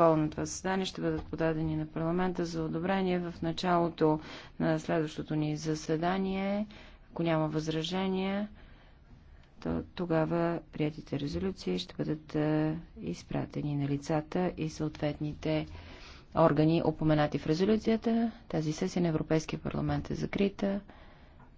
протокол на това съседание ще бъдат подадени на парламента за одобрение в началото на следващото ни заседание. Ако няма възражения, то тогава приятите резолюции ще бъдат е, изпратени на лицата и съответните органи, упоменати в резолюцията. Тази сесия на Европейския парламент е закрита.